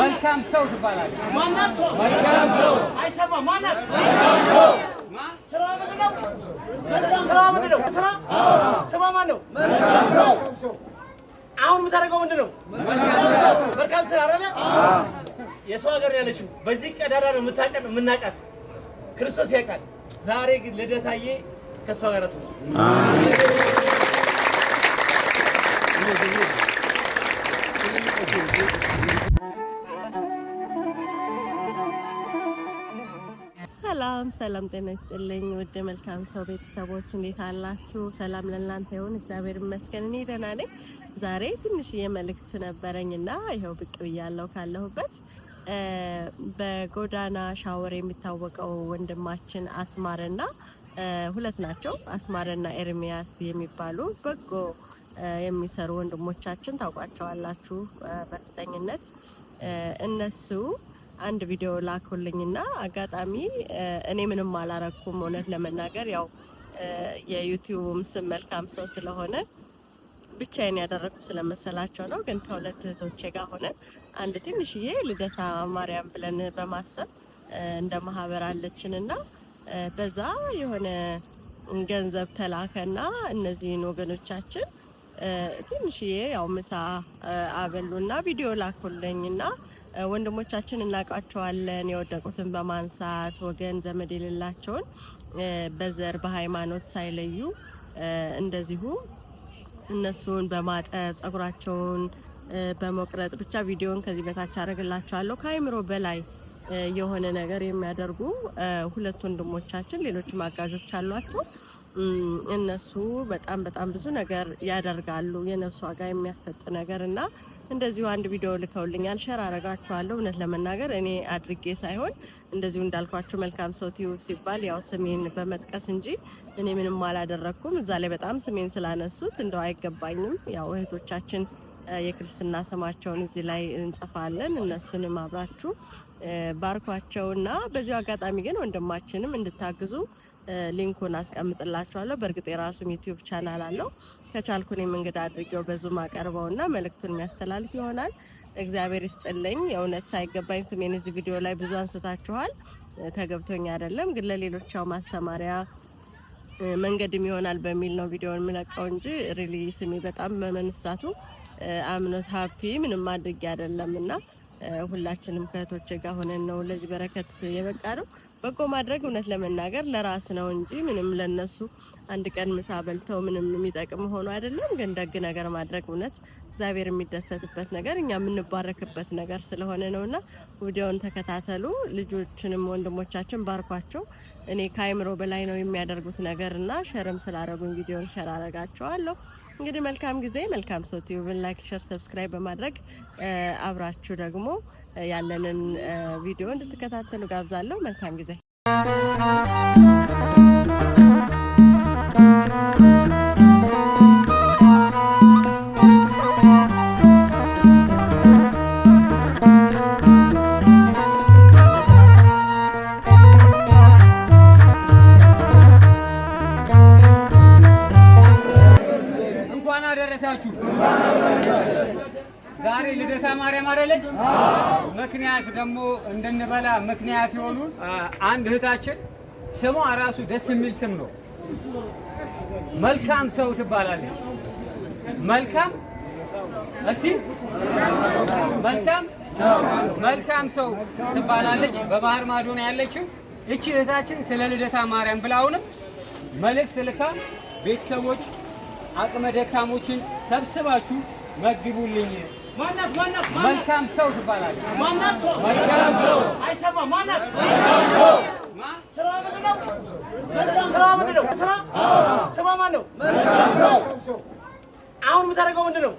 መልካም ሰው ትባላለች። መልካም ሰው አሁን የምታደርገው ምንድን ነው? መልካም ስራ አይደለ? የሰው ሀገር ያለችው በዚህ ቀዳዳ ነው የምታቀን የምናቃት ክርስቶስ ያውቃል። ዛሬ ግን ልደታዬ ከእሷ ጋር ሰላም ሰላም፣ ጤና ይስጥልኝ ውድ መልካም ሰው ቤተሰቦች እንዴት አላችሁ? ሰላም ለእናንተ ይሁን፣ እግዚአብሔር ይመስገን። እኔ ደህና ነኝ። ዛሬ ትንሽዬ መልእክት ነበረኝ እና ይኸው ብቅ ብያለሁ ካለሁበት። በጎዳና ሻወር የሚታወቀው ወንድማችን አስማርና ሁለት ናቸው፣ አስማርና ኤርሚያስ የሚባሉ በጎ የሚሰሩ ወንድሞቻችን ታውቋቸዋላችሁ በእርግጠኝነት እነሱ አንድ ቪዲዮ ላኩልኝና አጋጣሚ እኔ ምንም አላረኩም። እውነት ለመናገር ያው የዩቲዩብም ስም መልካም ሰው ስለሆነ ብቻዬን ያደረጉ ስለመሰላቸው ነው። ግን ከሁለት እህቶቼ ጋር ሆነ አንድ ትንሽዬ ልደታ ማርያም ብለን በማሰብ እንደ ማህበር አለችን እና በዛ የሆነ ገንዘብ ተላከና እነዚህን ወገኖቻችን ትንሽዬ ያው ምሳ አበሉና ቪዲዮ ላኩልኝና ወንድሞቻችን እናውቃቸዋለን። የወደቁትን በማንሳት ወገን ዘመድ የሌላቸውን በዘር በሃይማኖት ሳይለዩ እንደዚሁ እነሱን በማጠብ ጸጉራቸውን በመቁረጥ ብቻ ቪዲዮን ከዚህ በታች አደርግላችኋለሁ። ከአይምሮ በላይ የሆነ ነገር የሚያደርጉ ሁለት ወንድሞቻችን ሌሎችም አጋዦች አሏቸው። እነሱ በጣም በጣም ብዙ ነገር ያደርጋሉ። የነፍስ ዋጋ የሚያሰጥ ነገር እና እንደዚሁ አንድ ቪዲዮ ልከውልኛል፣ ሸር አረጋችኋለሁ። እውነት ለመናገር እኔ አድርጌ ሳይሆን እንደዚሁ እንዳልኳችሁ መልካም ሰው ቲዩብ ሲባል ያው ስሜን በመጥቀስ እንጂ እኔ ምንም አላደረግኩም። እዛ ላይ በጣም ስሜን ስላነሱት እንደው አይገባኝም። ያው እህቶቻችን የክርስትና ስማቸውን እዚህ ላይ እንጽፋለን። እነሱንም አብራችሁ ባርኳቸውና በዚሁ አጋጣሚ ግን ወንድማችንም እንድታግዙ ሊንኩን አስቀምጥላችኋለሁ። በእርግጥ የራሱም ዩቲዩብ ቻናል አለው። ከቻልኩን እንግዳ አድርጌው በዙም አቀርበው አቀርበውና መልእክቱን የሚያስተላልፍ ይሆናል። እግዚአብሔር ይስጥልኝ። የእውነት ሳይገባኝ ስሜን እዚህ ቪዲዮ ላይ ብዙ አንስታችኋል። ተገብቶኝ አይደለም፣ ግን ለሌሎች ያው ማስተማሪያ መንገድም ይሆናል በሚል ነው ቪዲዮን የምለቀው እንጂ ሪሊ ስሜ በጣም መመንሳቱ አምኖት ሀፒ ምንም አድርጌ አይደለም እና ሁላችንም ከእህቶቼ ጋር ሆነን ነው ለዚህ በረከት የበቃ ነው። በጎ ማድረግ እውነት ለመናገር ለራስ ነው እንጂ ምንም ለነሱ አንድ ቀን ምሳ በልተው ምንም የሚጠቅም ሆኖ አይደለም። ግን ደግ ነገር ማድረግ እውነት እግዚአብሔር የሚደሰትበት ነገር እኛ የምንባረክበት ነገር ስለሆነ ነው እና ቪዲዮውን ተከታተሉ። ልጆችንም ወንድሞቻችን ባርኳቸው። እኔ ከአይምሮ በላይ ነው የሚያደርጉት ነገር እና ሸርም ስላረጉኝ ቪዲዮን ሸር አረጋቸዋለሁ። እንግዲህ መልካም ጊዜ መልካም ሰው ቲዩብን ላይክ፣ ሸር፣ ሰብስክራይብ በማድረግ አብራችሁ ደግሞ ያለንን ቪዲዮ እንድትከታተሉ ጋብዛለሁ። መልካም ጊዜ ልደታ ማርያም አይደለች? ምክንያት ደግሞ እንድንበላ ምክንያት የሆኑ አንድ እህታችን ስሟ ራሱ ደስ የሚል ስም ነው። መልካም ሰው ትባላለች። መልካም እስቲ መልካም መልካም ሰው ትባላለች። በባህር ማዶ ነው ያለችው። እቺ እህታችን ስለ ልደታ ማርያም ብላ አሁንም መልእክት ልካ ቤተሰቦች አቅመ ደካሞችን ሰብስባችሁ መግቡልኝ መልካም ሰው ትባላለች። መልካም ሰው አሁን የምታደርገው ምንድን ነው?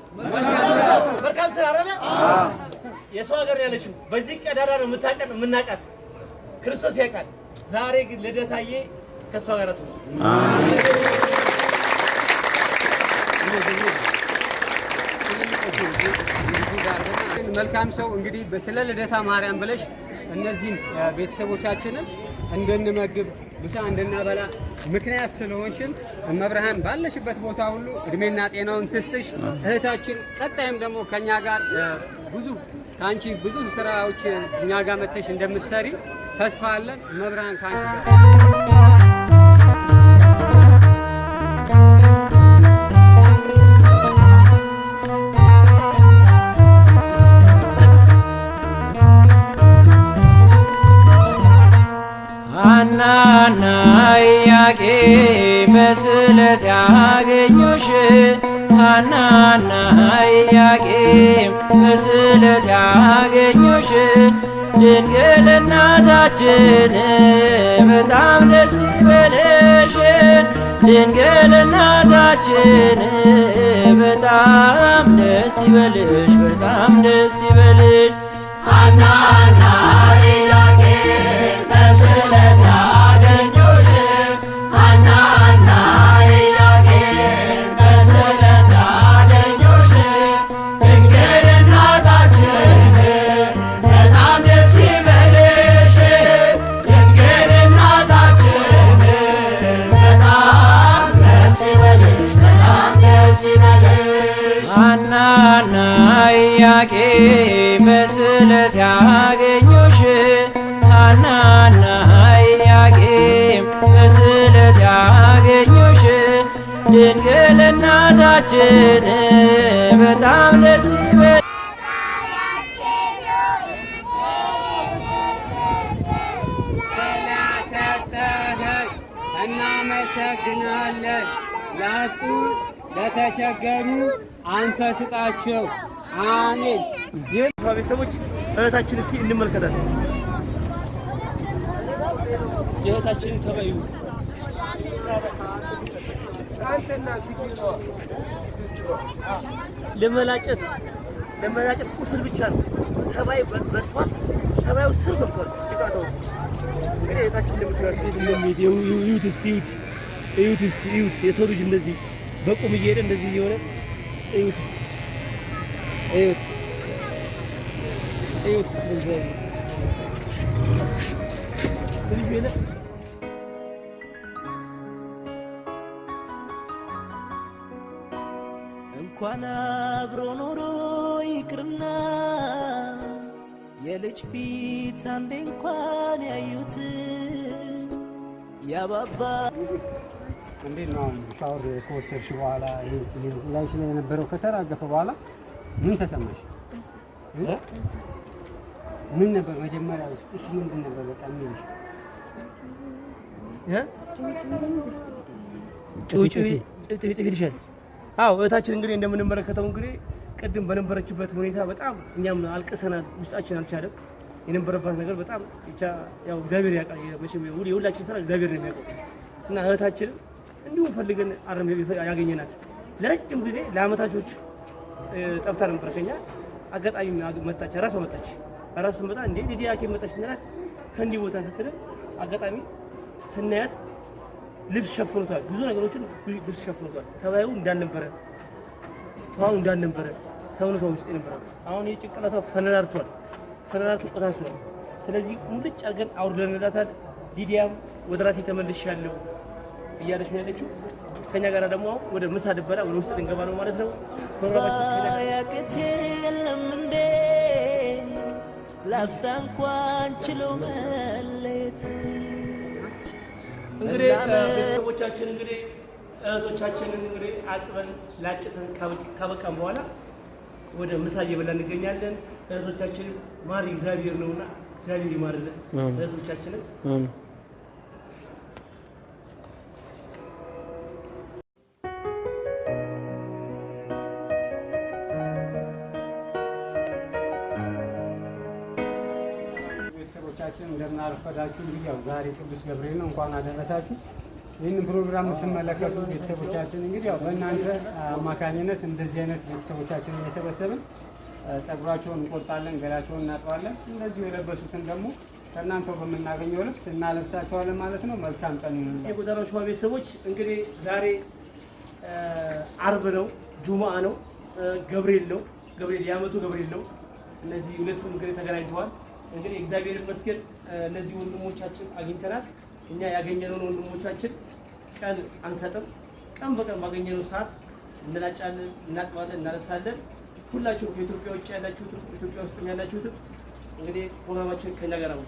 መልካም ስራ አይደለ? የሰው ሀገር ያለችው በዚህ ቀዳዳ ነው የምታውቀን የምናውቃት ክርስቶስ ያውቃል። ዛሬ ግን ልደታዬ ከእሷ ጋር ትሆን ያስታወስን መልካም ሰው እንግዲህ ስለ ልደታ ማርያም ብለሽ እነዚህን ቤተሰቦቻችንን እንድንመግብ ምሳ እንድናበላ ምክንያት ስለሆንሽን እመብርሃን ባለሽበት ቦታ ሁሉ እድሜና ጤናውን ትስጥሽ እህታችን። ቀጣይም ደግሞ ከኛ ጋር ብዙ ከአንቺ ብዙ ስራዎች እኛ ጋር መጥተሽ እንደምትሰሪ ተስፋ አለን። እመብርሃን ከአንቺ ጋር በስለት ያገኙሽ ሐናና ኢያቄም በስለት ያገኙሽ ድንግል እናታችን በጣም ደስ ይበልሽ ድንግል እናታችን በጣም ደስ ይበልሽ በጣም ደስ ይበልሽ ሐናና ኢያቄም ሀገራችን በጣም ደስ ይበል። ስላሰጠኸኝ እናመሰግናለን። ላጡ ለተቸገሩ አንተ ስጣቸው። አሜን። ይህ ቤተሰቦች እህታችን እስቲ እንመልከታት። የእህታችንን ተበዩ ለመላጨት ለመላጨት ቁስል ብቻ ነው። ተባይ በልቷት ተባዩ ስር ገብቷል ጭቃታ ውስጥ። እንግዲህ የታችን እንደምትዩት እስቲ ዩት እዩት እስቲ እዩት። የሰው ልጅ እንደዚህ በቁም እየሄደ እንደዚህ እየሆነ እዩት እስቲ እዩት እዩት እስቲ ልጅ የለ እንኳን አብሮ ኖሮ ይቅርና የልጅ ፊት አንዴ እንኳን ያዩት ያባባ እንዴት ነው? ሻወር ከወሰድሽ በኋላ ላይሽ ላይ የነበረው ከተራገፈ በኋላ ምን ተሰማሽ? ምን ነበር መጀመሪያ ውስጥሽ ምንድን ነበር? በቃ የሚልሽ ጭውጭው ይልሻል አዎ እህታችን እንግዲህ እንደምንመለከተው እንግዲህ ቅድም በነበረችበት ሁኔታ በጣም እኛም አልቅሰናል፣ ውስጣችን አልቻለም። የነበረባት ነገር በጣም ብቻ ያው እግዚአብሔር ያውቃል። የሁላችን ስራ እግዚአብሔር ነው የሚያውቀው እና እህታችን እንዲሁም ፈልገን አረም ያገኘናት ለረጅም ጊዜ ለአመታቾች ጠፍታ ነበር ከኛ። አጋጣሚ መጣች፣ ራሷ መጣች። ራሱ መጣ እንዴ ሊዲያ ኬ መጣች ስንላት ከእንዲህ ቦታ ስትል አጋጣሚ ስናያት ልብስ ሸፍኖታል። ብዙ ነገሮችን ልብስ ሸፍኖታል። ተባዩ እንዳልነበረ ተዋው እንዳልነበረ ሰውነቷ ውስጥ የነበረ አሁን የጭንቅላቷ ፈነዳርቷል፣ ፈነዳርቱ ቆታስሏል። ስለዚህ ሙልጭ አድርገን አውርደንላታል። ሊዲያም ወደ ራሴ ተመልሻለሁ እያለች ነው ያለችው። ከኛ ጋር ደግሞ ወደ ምሳ ድበላ ወደ ውስጥ ልንገባ ነው ማለት ነው። ያቅት የለም እንዴ ላፍታ እንኳን ችሎ እንግዲህ ቤተሰቦቻችን እንግዲህ እህቶቻችንን እንግዲህ አጥበን ላጭተን ካበቃን በኋላ ወደ ምሳ እየበላ እንገኛለን። እህቶቻችንን ማር እግዚአብሔር ነውና እግዚአብሔር ይማርልን እህቶቻችንን እንግዲህ ያው ዛሬ ቅዱስ ገብርኤል ነው፣ እንኳን አደረሳችሁ። ይህንን ፕሮግራም የምትመለከቱ ቤተሰቦቻችን እንግዲህ ያው በእናንተ አማካኝነት እንደዚህ አይነት ቤተሰቦቻችን እየሰበሰብን ጸጉራቸውን እንቆርጣለን፣ ገላቸውን እናጥባለን። እንደዚሁ የለበሱትን ደግሞ ከእናንተው በምናገኘው ልብስ እናለብሳቸዋለን ማለት ነው። መልካም ቀን ይሁን። የጎዳና ሾማ ቤተሰቦች እንግዲህ ዛሬ አርብ ነው፣ ጁሙአ ነው፣ ገብርኤል ነው። ገብርኤል የአመቱ ገብርኤል ነው። እነዚህ ሁለቱም እንግዲህ ተገናኝተዋል። እንግዲህ እግዚአብሔር ይመስገን እነዚህ ወንድሞቻችን አግኝተናል። እኛ ያገኘነውን ወንድሞቻችን ቀን አንሰጥም። ቀን በቀን ባገኘነው ሰዓት እንላጫለን፣ እናጥባለን፣ እናለብሳለን። ሁላችሁም ከኢትዮጵያ ውጭ ያላችሁትም ኢትዮጵያ ውስጥም ያላችሁትም እንግዲህ ፕሮግራማችን ከኛ ጋር ነው።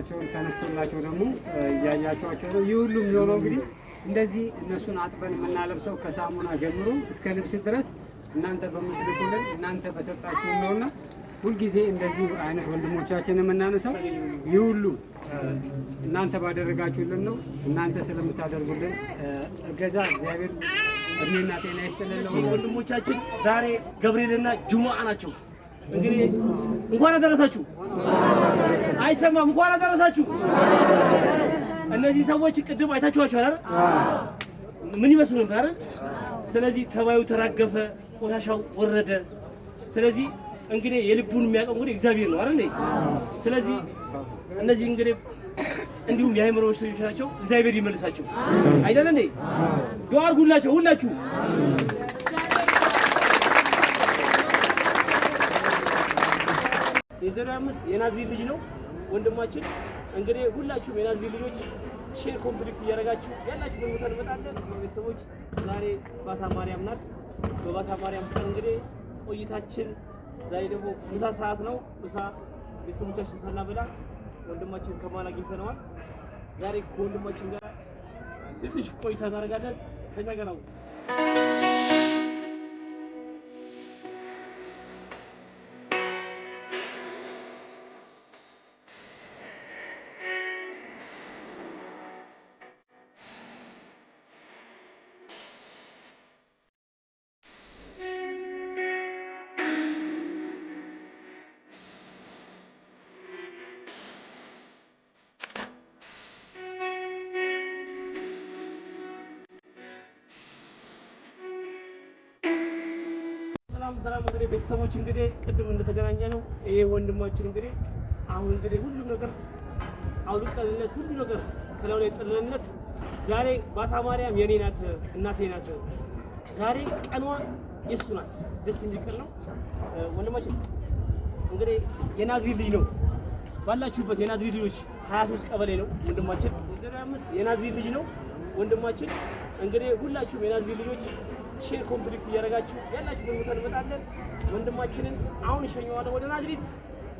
ፎቶቸውን ተነስቶላቸው ደግሞ እያያቸዋቸው ነው። ይህ ሁሉም የሚሆነው እንግዲህ እንደዚህ እነሱን አጥበን የምናለብሰው ከሳሙና ጀምሮ እስከ ልብስ ድረስ እናንተ በምትልኩልን እናንተ በሰጣችሁ ነውና ሁልጊዜ እንደዚህ አይነት ወንድሞቻችን የምናነሳው ይህ ሁሉ እናንተ ባደረጋችሁልን ነው። እናንተ ስለምታደርጉልን እገዛ እግዚአብሔር እድሜና ጤና ይስጥልን። ወንድሞቻችን ዛሬ ገብርኤልና ጁሙዓ ናቸው። እንግዲህ እንኳን አደረሳችሁ። አይሰማም። እንኳን አደረሳችሁ። እነዚህ ሰዎች ቅድም አይታችኋቸው አይደል? ምን ይመስሉ ነበር ስለዚህ ተባዩ ተራገፈ፣ ቆሻሻው ወረደ። ስለዚህ እንግዲህ የልቡን የሚያውቀው እንግዲህ እግዚአብሔር ነው አይደል? ስለዚህ እነዚህ እንግዲህ እንዲሁም የአእምሮ በሽተኞች ናቸው። እግዚአብሔር ይመልሳቸው። አይደለ እንዴ? ዱአ አድርጉላቸው ሁላችሁ የዜሮ አምስት የናዝሪ ልጅ ነው ወንድማችን። እንግዲህ ሁላችሁም የናዝሪ ልጆች ሼር ኮምፕሊክት እያደረጋችሁ ያላችሁ ቦታ እንመጣለን። ቤተሰቦች ዛሬ ባታ ማርያም ናት። በባታ ማርያም ቀን እንግዲህ ቆይታችን ዛሬ ደግሞ ምሳ ሰዓት ነው። ምሳ ቤተሰቦቻችን ሳናበላ ወንድማችን ከማል አግኝተነዋል። ዛሬ ከወንድማችን ጋር ትንሽ ቆይታ እናደርጋለን። ከኛ ጋር ነው እንግዲህ ቤተሰቦች እንግዲህ ቅድም እንደተገናኘ ነው ይሄ ወንድማችን እንግዲህ አሁን እንግዲህ ሁሉ ነገር አውልቀንለት ሁሉ ነገር ከለው ላይ ጥልነት ዛሬ ባታ ማርያም የኔ ናት እናቴ ናት። ዛሬ ቀኗ የሱ ናት። ደስ እንዲቀር ነው። ወንድማችን እንግዲህ የናዝሬት ልጅ ነው። ባላችሁበት የናዝሬት ልጆች 23 ቀበሌ ነው ወንድማችን። ልጅ ነው ወንድማችን። እንግዲህ ሁላችሁም የናዝሬት ልጆች ሼር ኮምፕሊት እያደረጋችሁ ያላችሁ በሞታ እንመጣለን። ወንድማችንን አሁን እሸኘዋለሁ ወደ ናዝሪት።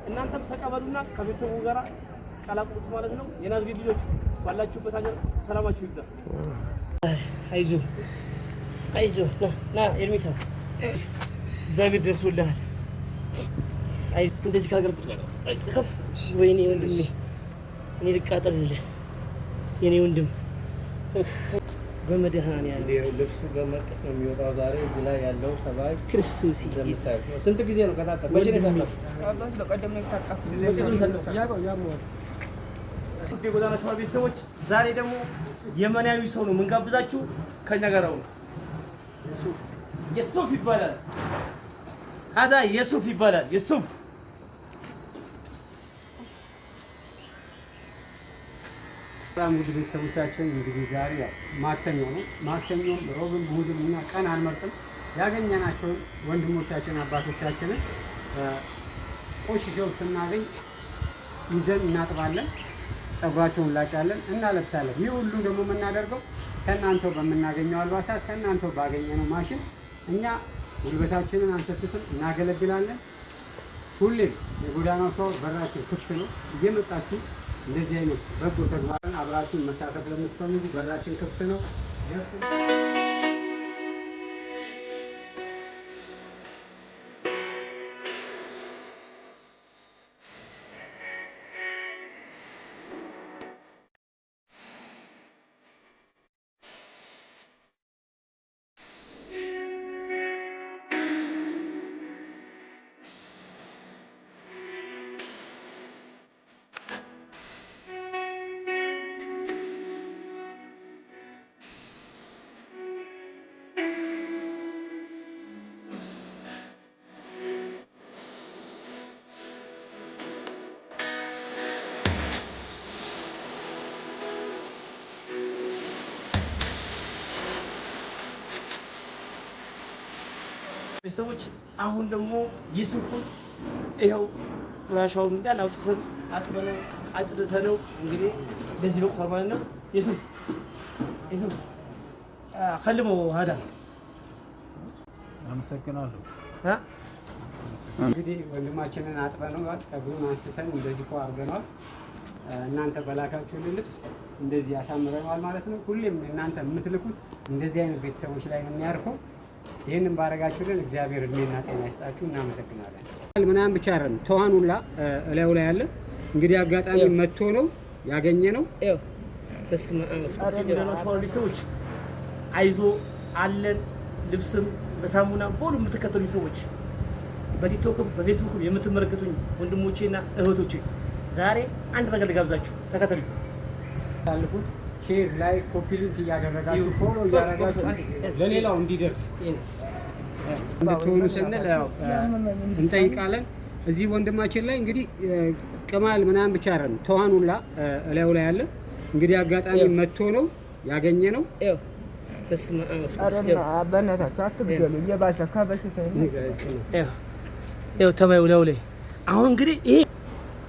እናንተም ተቀበሉና ከቤተሰቡ ጋር ቀላቅሉት ማለት ነው። የናዝሪት ልጆች ባላችሁበት ሀገር ሰላማችሁ ይብዛ። አይዞ አይዞ ና ኤርሚሳ፣ እግዚአብሔር ደርሶልሃል። እንደዚህ ከሀገር ቁጭ ከፍ ወይኔ ወንድሜ፣ እኔ ልቃጠልልህ የኔ ወንድም በመድኃኒዓለም ልብሱ በመቀስ ነው የሚወጣው። ዛሬ እዚህ ላይ ያለው ተባይ ክርስቶስ ስንት ጊዜ ነው ከታጠብኩ መቼ ነው የጎዳና ሸዋ ቤተሰቦች ዛሬ ደግሞ የመናዊ ሰው ነው የምንጋብዛችሁ። ከኛ ጋር አሁን የሱፍ ይባላል። ሀዳ የሱፍ ይባላል። የሱፍ በጣም ውድ ቤተሰቦቻችን እንግዲህ ዛሬ ያው ማክሰኞ ነው። ማክሰኞም ሮብም እሑድም እኛ ቀን አንመርጥም። ያገኘናቸውን ወንድሞቻችን አባቶቻችንን ቆሽሸው ስናገኝ ይዘን እናጥባለን፣ ጸጉራቸውን ላጫለን፣ እናለብሳለን። ይህ ሁሉ ደግሞ የምናደርገው ከእናንተው በምናገኘው አልባሳት ከእናንተው ባገኘነው ማሽን እኛ ጉልበታችንን አንሰስትም፣ እናገለግላለን። ሁሌም የጎዳናው ሰው በራችን ክፍት ነው እየመጣችሁ እንደዚህ አይነት በጎ ተግባርን አብራችን መሳተፍ ለምትፈልጉ በራችን ክፍት ነው። ሰዎች አሁን ደግሞ ይሱፉን ይኸው ፍራሻውን እንዳል አውጥተን አጥበነው አጽድተነው እንግዲህ ለዚህ በቅቷል ማለት ነው። ይሱፍ ይሱፍ ከልሞ ሀዳ አመሰግናለሁ። እንግዲህ ወንድማችንን አጥበነዋል፣ ጸጉሩን አንስተን እንደዚህ ፎ አድርገነዋል። እናንተ በላካችሁልን ልብስ እንደዚህ ያሳምረነዋል ማለት ነው። ሁሌም እናንተ የምትልኩት እንደዚህ አይነት ቤተሰቦች ላይ ነው የሚያርፈው። ይህንን ባረጋችሁልን እግዚአብሔር እድሜና ጤና ይስጣችሁ። እናመሰግናለን። ምናምን ብቻ አይደለም ተዋን ሁላ እላዩ ላይ አለ። እንግዲህ አጋጣሚ መጥቶ ነው ያገኘ ነው። ሰዎች አይዞ አለን ልብስም በሳሙና በሁሉ የምትከተሉኝ ሰዎች በቲክቶክም በፌስቡክም የምትመለከቱኝ ወንድሞቼና እህቶቼ ዛሬ አንድ ነገር ልጋብዛችሁ፣ ተከተሉ። ሼር ላይ ኮፒ ሊንክ እያደረጋችሁ ፎሎ እያደረጋችሁ ለሌላው እንዲደርስ እንድትሆኑ ስንል እንጠይቃለን። እዚህ ወንድማችን ላይ እንግዲህ ቅማል ምናምን ብቻ አይደለም፣ ተዋኑላ እላዩ ላይ አለ። እንግዲህ አጋጣሚ መጥቶ ነው ያገኘ ነው። ተባዩ ላይ አሁን እንግዲህ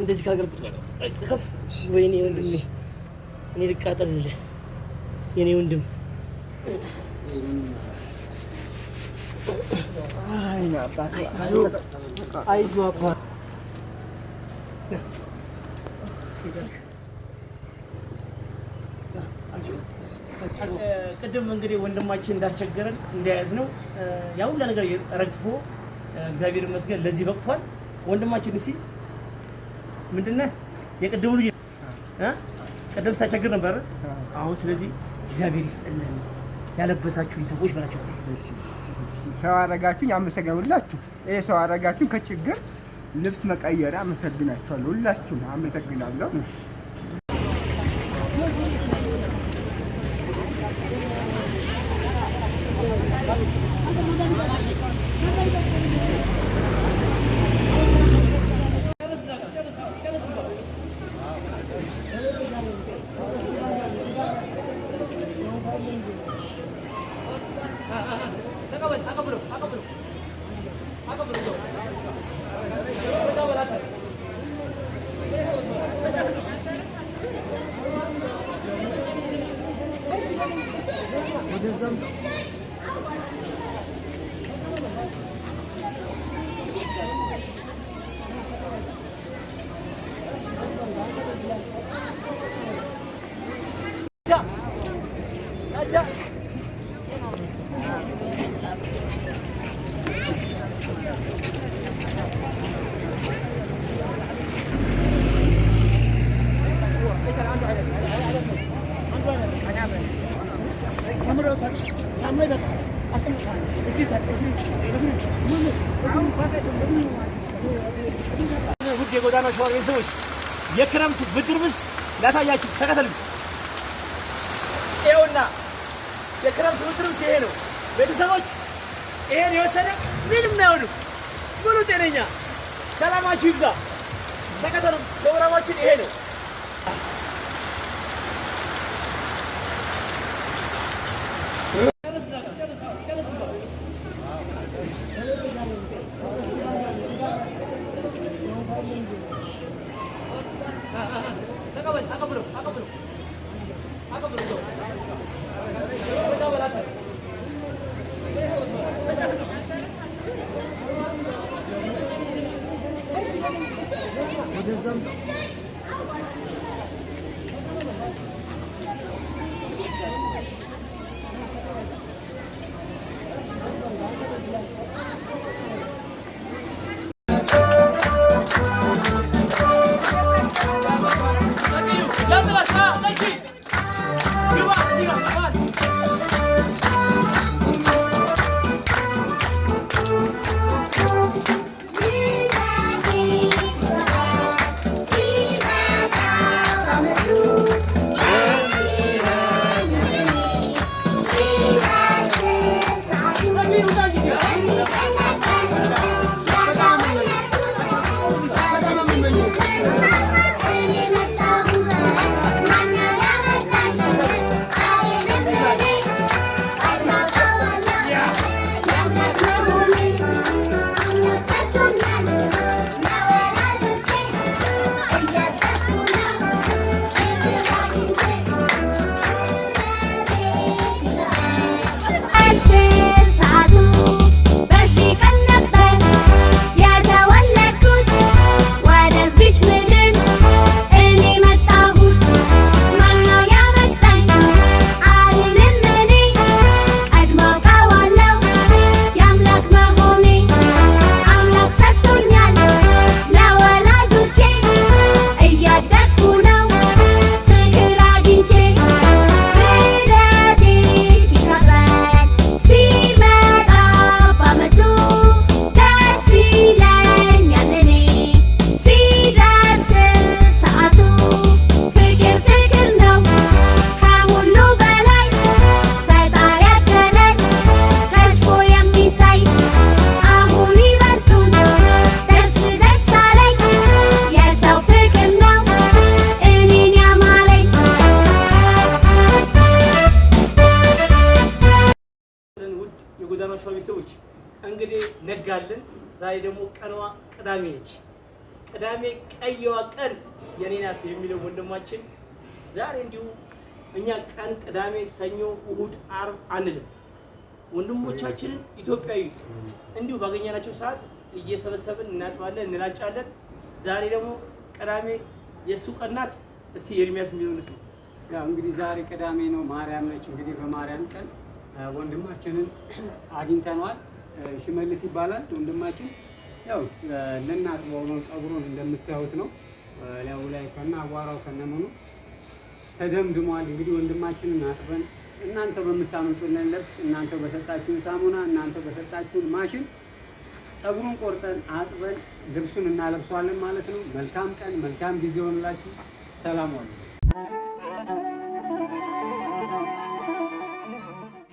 እንደዚህ ከፍ ወይኔ ወንድሜ፣ እኔ የኔ ወንድም። አይዞህ አባት ቅድም እንግዲህ ወንድማችን እንዳስቸገረን እንደያዝ ነው ያው ሁላ ነገር ረግፎ እግዚአብሔር ይመስገን ለዚህ በቅቷል ወንድማችን ሲል ምንድን ነህ? የቅድሙ ልጅ ቅድም ሳቸግር ነበር። አሁን ስለዚህ እግዚአብሔር ይስጥልን ያለበሳችሁኝ ሰዎች በላቸው። ሰው አረጋችሁኝ፣ አመሰግናለሁ። ሁላችሁ ይሄ ሰው አረጋችሁኝ ከችግር ልብስ መቀየር አመሰግናችኋለሁ። ሁላችሁም አመሰግናለሁ። የተከበራችሁ አርቤ ሰዎች የክረምት ብድርብስ ላሳያችሁ፣ ተከተሉ። ይኸውና የክረምት ብድርብስ ይሄ ነው። ቤተሰቦች ይሄን የወሰደ ምንም አይሆንም፣ ሙሉ ጤነኛ። ሰላማችሁ ይብዛ። ተከተሉ። ፕሮግራማችን ይሄ ነው። ቀኗ ቅዳሜ ነች። ቅዳሜ ቀየዋ ቀን የኔ ናት የሚለው ወንድማችን ዛሬ እንዲሁ እኛ ቀን ቅዳሜ፣ ሰኞ፣ እሁድ፣ አርብ አንልም። ወንድሞቻችንን ኢትዮጵያዊ እንዲሁ ባገኘናቸው ሰዓት እየሰበሰብን እናጥባለን፣ እንላጫለን። ዛሬ ደግሞ ቅዳሜ የእሱ ቀን ናት። እስቲ ኤርሚያስ የሚሆንስ ነው ያው እንግዲህ ዛሬ ቅዳሜ ነው፣ ማርያም ነች። እንግዲህ በማርያም ቀን ወንድማችንን አግኝተነዋል። ሽመልስ ይባላል ወንድማችን ያው ልናጥበው በሆነው ፀጉሩን እንደምታዩት ነው። ላዩ ላይ ከና አቧራው ከነመኑ ተደምድሟል። እንግዲህ ወንድማችንን አጥበን እናንተ በምታመጡልን ልብስ፣ እናንተ በሰጣችሁን ሳሙና፣ እናንተ በሰጣችሁን ማሽን ፀጉሩን ቆርጠን አጥበን ልብሱን እናለብሰዋለን ማለት ነው። መልካም ቀን፣ መልካም ጊዜ ሆንላችሁ። ሰላም ዋሉ።